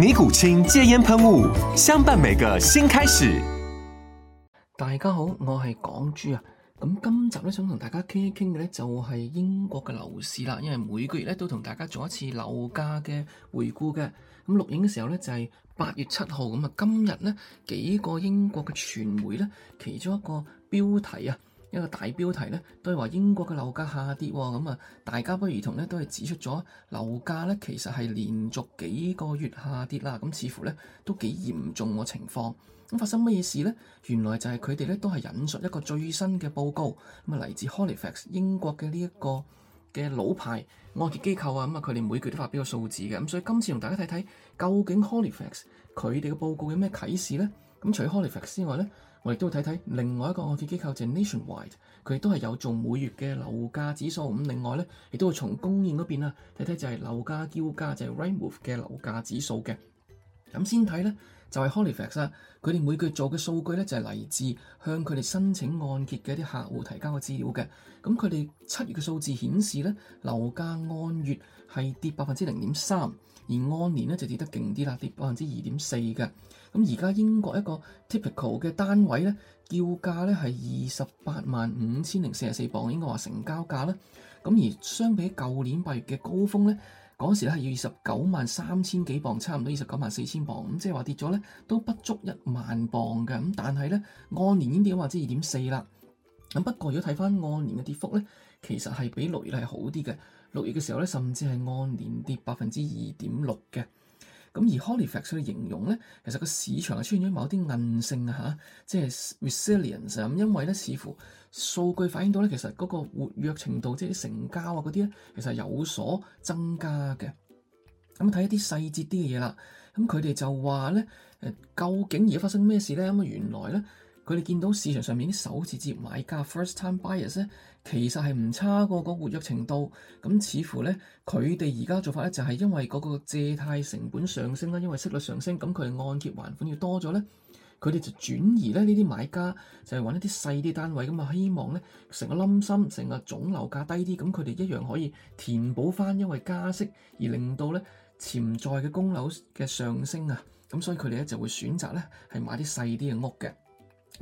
尼古清戒煙噴霧，相伴每個新開始。大家好，我係港豬啊。咁今集呢想同大家傾一傾嘅，呢就係英國嘅樓市啦。因為每個月呢都同大家做一次樓價嘅回顧嘅。咁錄影嘅時候呢就係八月七號咁啊。今日呢，幾個英國嘅傳媒呢，其中一個標題啊。一個大標題咧，都係話英國嘅樓價下跌喎，大家不約而同咧都係指出咗樓價咧其實係連續幾個月下跌啦，咁似乎咧都幾嚴重個情況。咁發生乜嘢事呢？原來就係佢哋都係引述一個最新嘅報告，咁啊嚟自 Halifax 英國嘅呢一個嘅老牌按揭機構啊，咁啊佢哋每個月都發表個數字嘅，咁所以今次同大家睇睇究竟 Halifax 佢哋嘅報告有咩啟示呢？咁除咗 Halifax 之外呢。我哋都會睇睇另外一個按揭機構就係、是、Nationwide，佢亦都係有做每月嘅樓價指數。咁另外呢，亦都會從供應嗰邊啊睇睇就係樓價叫價就係、是、Rightmove 嘅樓價指數嘅。咁先睇呢，就係、是、Halifax 啦，佢哋每個月做嘅數據呢，就係、是、嚟自向佢哋申請按揭嘅一啲客戶提交嘅資料嘅。咁佢哋七月嘅數字顯示呢，樓價按月係跌百分之零點三。而按年咧就跌得勁啲啦，跌百分之二點四嘅。咁而家英國一個 typical 嘅單位咧，叫價咧係二十八萬五千零四十四鎊，應該話成交價啦。咁而相比舊年八月嘅高峰咧，嗰時咧係要二十九萬三千幾鎊，差唔多二十九萬四千鎊。咁即係話跌咗咧都不足一萬鎊嘅。咁但係咧按年已經跌咗百分之二點四啦。咁不過如果睇翻按年嘅跌幅咧，其實係比六月係好啲嘅。六月嘅時候甚至係按年跌百分之二點六嘅。咁而 Halifax 所形容呢，其實個市場係出現了某啲韌性嚇、啊，即係 resilience 咁、啊。因為呢，似乎數據反映到呢，其實嗰個活躍程度，即係成交啊嗰啲咧，其實有所增加嘅。咁、啊、睇一啲細節啲嘅嘢啦。咁佢哋就話呢，究竟而家發生咩事呢？咁啊，原來呢。佢哋見到市場上面啲首次置業買家 （first time buyers） 咧，其實係唔差過個嗰活躍程度。咁似乎咧，佢哋而家做法咧就係因為嗰個借貸成本上升啦，因為息率上升，咁佢按揭還款要多咗咧，佢哋就轉移咧呢啲買家，就係、是、揾一啲細啲單位咁啊，希望咧成個冧心、成個總樓價低啲，咁佢哋一樣可以填補返，因為加息而令到咧潛在嘅供樓嘅上升啊。咁所以佢哋咧就會選擇咧係買啲細啲嘅屋嘅。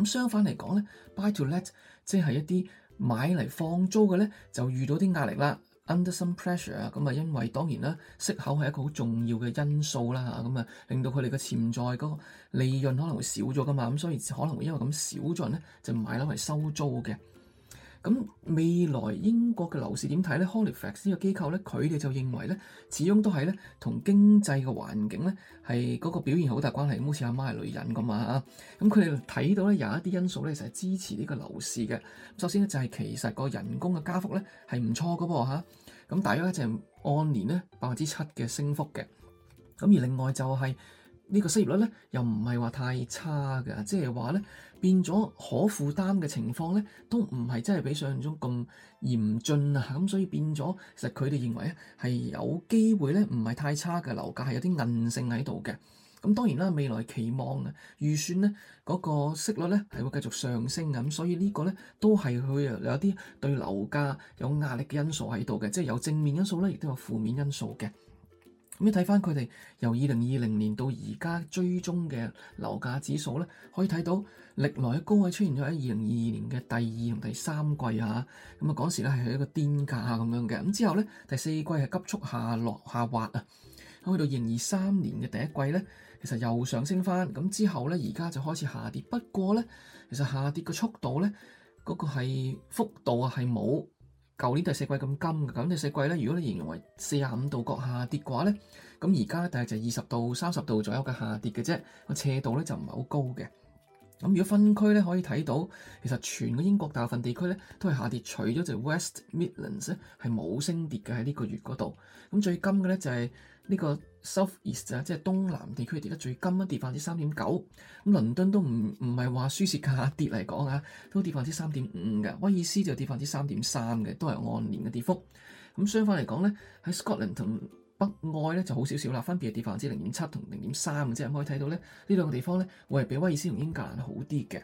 相反嚟講呢，Buy to Let 即係一啲買嚟放租嘅呢，就遇到啲壓力啦。Under some pressure，咁啊，因為當然啦，息口係一個好重要嘅因素啦嚇，咁啊令到佢哋嘅潛在嗰個利潤可能會少咗㗎嘛，咁所以可能會因為咁少咗人呢，就買樓嚟收租嘅。咁未來英國嘅樓市點睇呢？Halifax 呢個機構呢，佢哋就認為呢，始終都係呢，同經濟嘅環境呢，係嗰個表現好大關係，好似阿媽係女人咁啊！咁佢哋睇到呢，有一啲因素呢，就係支持呢個樓市嘅。首先呢，就係其實個人工嘅加幅呢，係唔錯嘅噃，咁大約就係按年呢，百分之七嘅升幅嘅。咁而另外就係、是。呢個失業率呢，又唔係話太差嘅，即係話呢，變咗可負擔嘅情況呢，都唔係真係比想象中咁嚴峻啊，咁、嗯、所以變咗，其實佢哋認為呢係有機會呢，唔係太差嘅，樓價係有啲韌性喺度嘅。咁、嗯、當然啦，未來期望嘅預算呢，嗰個息率呢係會繼續上升咁，所以呢個呢，都係佢有啲對樓價有壓力嘅因素喺度嘅，即係有正面因素呢，亦都有負面因素嘅。咁一睇翻佢哋由二零二零年到而家追蹤嘅樓價指數呢，可以睇到歷來高位出現咗喺二零二二年嘅第二同第三季啊，咁啊嗰時咧係一個巔價咁樣嘅，咁、嗯、之後呢，第四季係急速下落下滑啊，咁去到二零二三年嘅第一季呢，其實又上升翻，咁之後呢，而家就開始下跌，不過呢，其實下跌嘅速度呢，嗰、那個係幅度係冇。舊年第四季咁金嘅，咁第四季咧，如果你形容為四十五度角下跌嘅話咧，咁而家咧，大概就係二十度、三十度左右嘅下跌嘅啫，個斜度咧就唔係好高嘅。咁如果分區咧，可以睇到，其實全個英國大部分地區咧都係下跌，除咗就 West Midlands 咧係冇升跌嘅喺呢個月嗰度。咁最金嘅咧就係。呢個 South East 啊，即係東南地區跌得最勁啊，跌百分之三點九。咁倫敦都唔唔係話舒適價跌嚟講啊，都跌百分之三點五嘅。威爾斯就跌百分之三點三嘅，都係按年嘅跌幅。咁相反嚟講呢，喺 Scotland 同北愛呢就好少少啦，分別係跌百分之零點七同零點三嘅，即係可以睇到呢，呢兩個地方呢會係比威爾斯同英格蘭好啲嘅。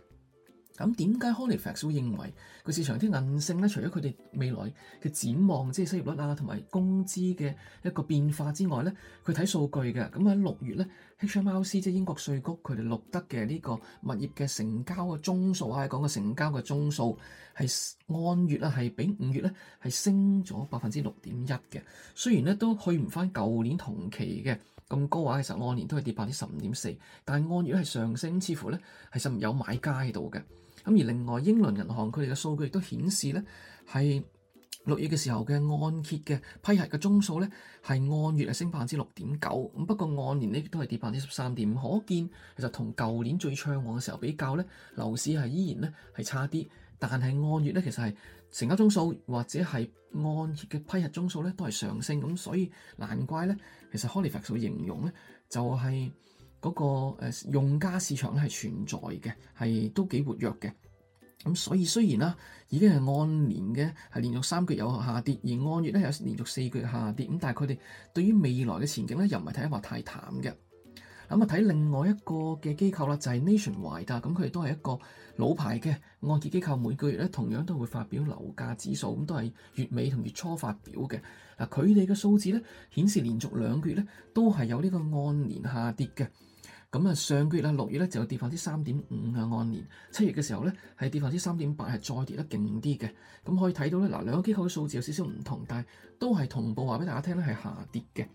咁點解 Halifax 會認為個市場啲韌性咧？除咗佢哋未來嘅展望，即係失業率啊，同埋工資嘅一個變化之外呢，佢睇數據嘅。咁喺六月呢 HMRC 即英國稅局佢哋錄得嘅呢個物業嘅成交嘅宗數啊，講個成交嘅宗數係按月啊，係比五月咧係升咗百分之六點一嘅。雖然呢都去唔返舊年同期嘅咁高啊，嘅時候按年都係跌百分之十五點四，但按月係上升，似乎呢係實有買家喺度嘅。而另外英倫銀行佢哋嘅數據亦都顯示咧，係六月嘅時候嘅按揭嘅批核嘅宗數咧，係按月係升百分之六點九。咁不過按年咧都係跌百分之十三點五。可見其實同舊年最暢旺嘅時候比較咧，樓市係依然咧係差啲。但係按月咧其實係成交宗數或者係按揭嘅批核宗數咧都係上升。咁所以難怪咧，其實 Halifax 嘅形容咧就係、是。嗰個用家市場咧係存在嘅，係都幾活躍嘅。咁所以雖然啦，已經係按年嘅係連續三個月有下跌，而按月咧有連續四個月下跌。咁但係佢哋對於未來嘅前景咧，又唔係睇得話太淡嘅。咁啊，睇另外一個嘅機構啦，就係 Nationwide，咁佢哋都係一個老牌嘅按揭機構，每個月咧同樣都會發表樓價指數，咁都係月尾同月初發表嘅。嗱，佢哋嘅數字咧顯示連續兩個月咧都係有呢個按年下跌嘅。咁啊，上個月六月咧就有跌百分之三點五啊，按年七月嘅時候咧係跌百分之三點八，係再跌得勁啲嘅。咁可以睇到咧，嗱兩個機構嘅數字有少少唔同，但係都係同步話俾大家聽咧係下跌嘅。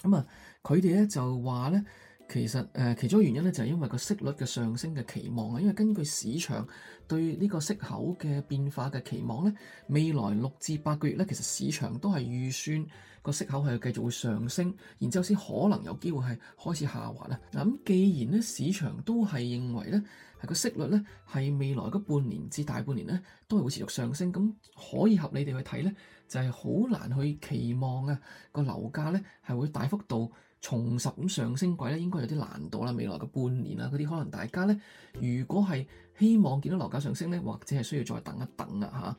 咁啊，佢哋咧就話咧。其實誒、呃，其中個原因呢，就係因為個息率嘅上升嘅期望。因為根據市場對呢個息口嘅變化嘅期望呢，未來六至八個月呢，其實市場都係預算個息口係繼續會上升，然之後先可能有機會係開始下滑啦。嗱、啊，咁既然咧市場都係認為呢係個息率呢係未來嗰半年至大半年呢都係會持續上升，咁可以合理地去睇呢，就係、是、好難去期望啊、那個樓價呢係會大幅度重拾咁上升軌咧，應該有啲難度啦。未來嘅半年啦，嗰啲可能大家咧，如果係希望見到樓價上升咧，或者係需要再等一等啊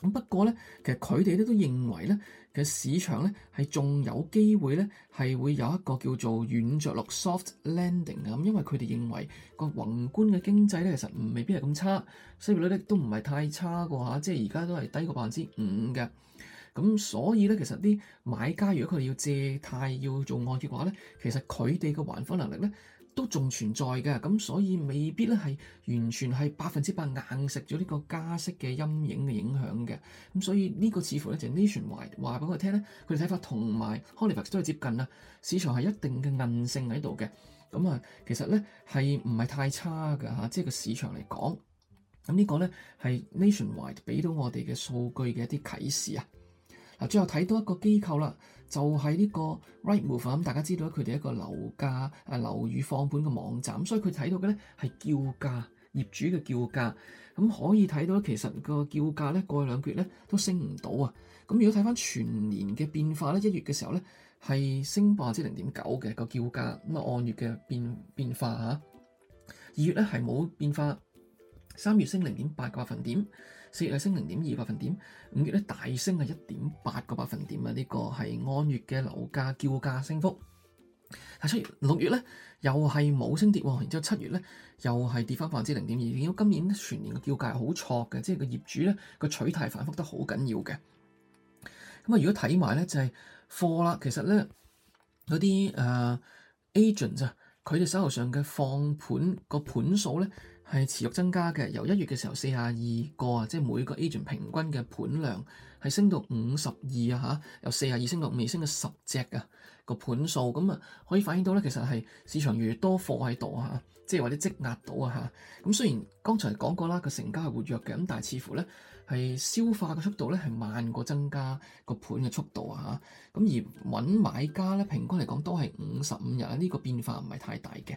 嚇。咁、啊、不過咧，其實佢哋都認為咧，其實市場咧係仲有機會咧係會有一個叫做軟着陸 soft landing 啊。咁因為佢哋認為個宏觀嘅經濟咧，其實唔未必係咁差，息率咧都唔係太差個嚇、啊，即係而家都係低過百分之五嘅。咁所以呢，其實啲買家如果佢哋要借貸要做按揭嘅話呢，其實佢哋嘅還款能力呢都仲存在嘅，咁所以未必呢係完全係百分之百硬食咗呢個加息嘅陰影嘅影響嘅。咁所以呢個似乎 wide, 呢，就 Nationwide 話畀我聽呢佢哋睇法同埋 Hollywood 都係接近啊。市場係一定嘅韌性喺度嘅，咁啊其實呢係唔係太差嘅嚇，即係個市場嚟講。咁呢個呢係 Nationwide 畀到我哋嘅數據嘅一啲啟示啊。最後睇到一個機構啦，就係呢個 Rightmove，大家知道咧，佢哋一個樓價誒樓宇放盤嘅網站，所以佢睇到嘅咧係叫價，業主嘅叫價，咁可以睇到咧，其實個叫價咧過去兩個月咧都升唔到啊。咁如果睇返全年嘅變化咧，一月嘅時候咧係升百分之零點九嘅個叫價，咁啊按月嘅變變化，二月咧係冇變化，三月升零點八個百分點。四月升零點二百分點，五月大升係一點八個百分點啊！呢個係按月嘅樓價叫價升幅。但係七月六月咧又係冇升跌喎，然之後七月又係跌翻百分之零點二。見到今年全年嘅叫價好錯嘅，即係個業主咧個取態反覆得好緊要嘅。咁啊，如果睇埋咧就係貨啦，其實呢，嗰啲誒 agents 啊，佢、uh, 哋手頭上嘅放盤、個盤數呢。係持續增加嘅，由一月嘅時候四十二個，個52，啊，即每個 agent 平均嘅盤量係升到五十二啊，嚇由四十二升到五十二升到十隻啊個盤數，咁啊可以反映到呢，其實係市場越，越多貨喺度嚇，即係或者積壓到啊嚇。咁雖然剛才講過啦，個成交係活躍嘅，咁但係似乎呢係消化嘅速度呢係慢過增加個盤嘅速度啊嚇。咁而揾買家呢，平均嚟講都係五十五日啊，呢、這個變化唔係太大嘅。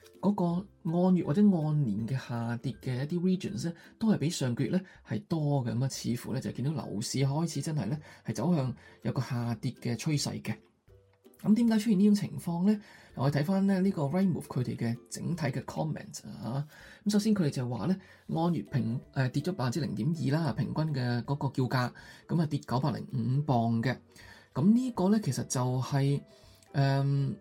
嗰個按月或者按年嘅下跌嘅一啲 regions 咧，都係比上個月咧係多嘅，咁似乎咧就係見到樓市開始真係咧係走向有個下跌嘅趨勢嘅。咁點解出現呢種情況呢？我睇翻咧呢個 Rightmove 佢哋嘅整體嘅 comments 啊，咁首先佢哋就係話咧按月平誒、呃、跌咗百分之零點二啦，平均嘅嗰個叫價咁啊、嗯、跌九百零五磅嘅。咁呢個咧其實就係、是呃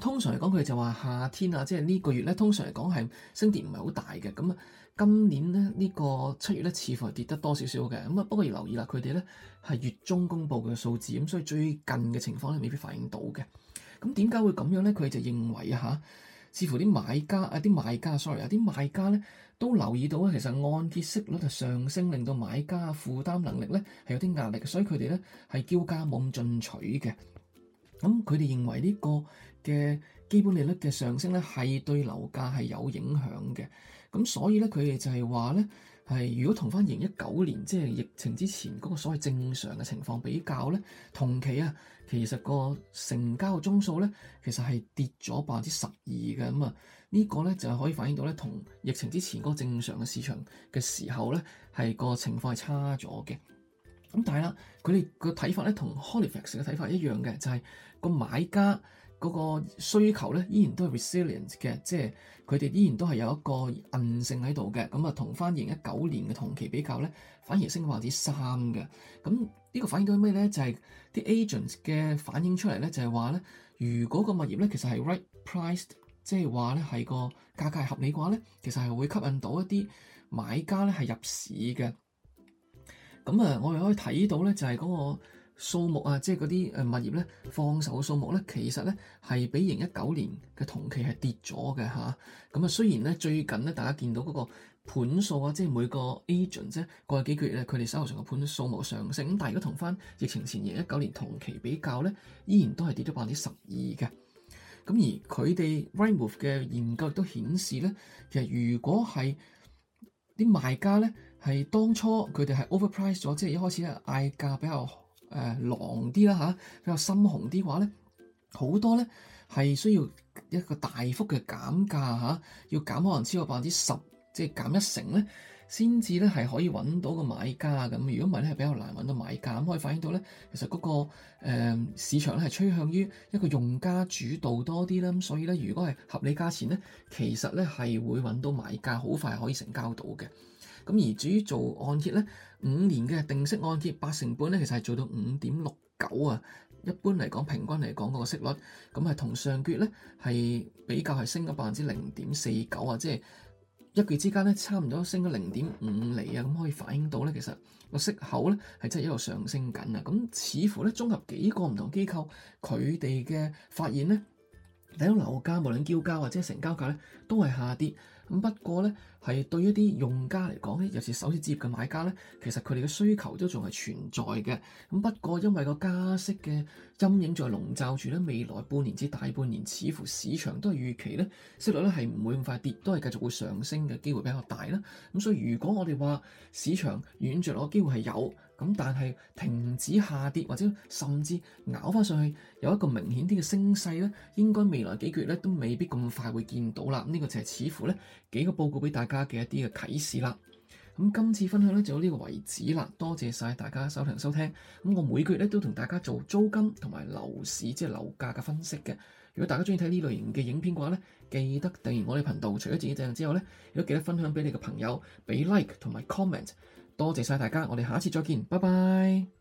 通常嚟講，佢就話夏天啊，即係呢個月咧。通常嚟講係升跌唔係好大嘅。咁啊，今年咧呢個七月咧，似乎係跌得多少少嘅。咁啊，不過要留意啦，佢哋咧係月中公布嘅數字，咁所以最近嘅情況咧未必反映到嘅。咁點解會咁樣咧？佢哋就認為啊，嚇，似乎啲買家啊，啲賣家，sorry 啊，啲賣家咧都留意到啊，其實按揭息率係上升，令到買家負擔能力咧係有啲壓力，所以佢哋咧係叫價冇咁進取嘅。咁佢哋認為呢個嘅基本利率嘅上升咧，係對樓價係有影響嘅。咁所以呢，佢哋就係話呢，係如果同返二零一九年即係、就是、疫情之前嗰個所謂正常嘅情況比較呢，同期啊，其實個成交宗數呢，其實係跌咗百分之十二嘅。咁啊，個呢個咧就可以反映到呢，同疫情之前嗰個正常嘅市場嘅時候呢，係個情況係差咗嘅。但係啦，佢哋個睇法呢，同 Halifax 嘅睇法一樣嘅，就係、是、個買家嗰個需求呢，依然都係 resilient 嘅，即係佢哋依然都係有一個韌性喺度嘅。咁啊，同返二零一九年嘅同期比較呢，反而升咗百分之三嘅。咁呢個反映到咩呢？就係、是、啲 agents 嘅反映出嚟呢，就係、是、話呢，如果個物業呢，其實係 right priced，即係話呢，係個價格合理嘅話呢，其實係會吸引到一啲買家呢，係入市嘅。咁我哋可以睇到呢，就係嗰個數目啊，即係嗰啲物業呢，放手數目呢，其實呢係比二零一九年嘅同期係跌咗嘅吓。咁啊，雖然呢最近呢，大家見到嗰個盤數啊，即係每個 agent 咧過去幾個月呢，佢哋手頭上嘅盤數目上升，但係如果同返疫情前二零一九年同期比較呢，依然都係跌咗百分之十二嘅。咁而佢哋 Rightmove 嘅研究亦都顯示呢，其實如果係啲賣家咧係當初佢哋係 overpriced 咗，即係一開始咧嗌價比較誒、呃、狼啲啦嚇，比較深紅啲嘅話咧，好多咧係需要一個大幅嘅減價嚇，要減可能超過百分之十，即係減一成咧。先至咧係可以揾到個買家咁，如果唔係咧係比較難揾到買家咁，可以反映到咧，其實嗰個、呃、市場咧係趨向於一個用家主導多啲啦。咁所以咧，如果係合理價錢咧，其實咧係會揾到買家，好快可以成交到嘅。咁而至於做按揭咧，五年嘅定息按揭八成半咧，其實係做到五點六九啊。一般嚟講，平均嚟講嗰個息率，咁係同上月咧係比較係升咗百分之零點四九啊，即係。一月之間差唔多升咗零點五厘啊，咁可以反映到咧，其實個息口咧係真係一路上升緊啊！咁似乎咧，綜合幾個唔同的機構佢哋嘅發現呢。睇到樓價無論叫價或者成交價都係下跌。不過咧，係對於一啲用家嚟講，尤其是首次置業嘅買家咧，其實佢哋嘅需求都仲係存在嘅。不過因為個加息嘅陰影在籠罩住咧，未來半年至大半年，似乎市場都係預期咧，息率咧係唔會咁快跌，都係繼續會上升嘅機會比較大啦。咁所以如果我哋話市場軟着陸嘅機會係有。咁但係停止下跌，或者甚至咬翻上去，有一個明顯啲嘅升勢咧，應該未來幾個月咧都未必咁快會見到啦。咁、這、呢個就係似乎咧幾個報告俾大家嘅一啲嘅啟示啦。咁今次分享咧就到呢個為止啦，多謝曬大家收聽收聽。咁我每個月咧都同大家做租金同埋樓市即係樓價嘅分析嘅。如果大家中意睇呢類型嘅影片嘅話咧，記得訂閱我哋頻道。除咗自己訂閱之後咧，亦都記得分享俾你嘅朋友，俾 like 同埋 comment。多謝曬大家，我哋下次再見，拜拜。